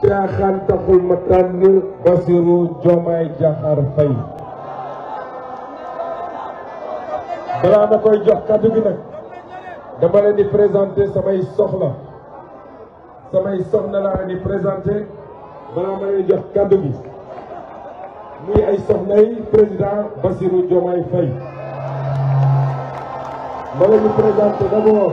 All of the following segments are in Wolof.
caaxaan taxul ma tànn Bassirou Diomaye Diakhar Faye balaa ma koy jox kàddu gi nag dama leen di présenter samay soxla samay soxna laa leen di balaa ma leen jox kàddu gi muy ay soxnay président Bassirou Diomaye Faye ma leen di présenter d'abord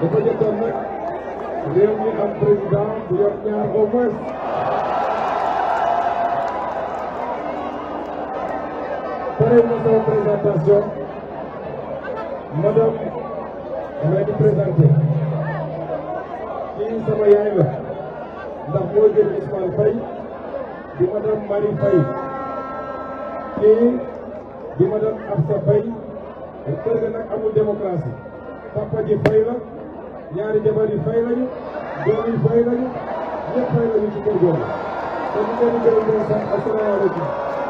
dafa jëkkoon nag réew mi am président bu yor ñaar au moins pare na sama présentation madame damay di kii sama yaay la ndax moo jël Ousmane Faye di madame Marie Faye kii di madame Absa Faye kër ga nag amul démocratie papa ji la ñaari jabar yi lañu doom yi lañu ñëpp Faye lañu ci kër te ñu ngi leen di gërëm di leen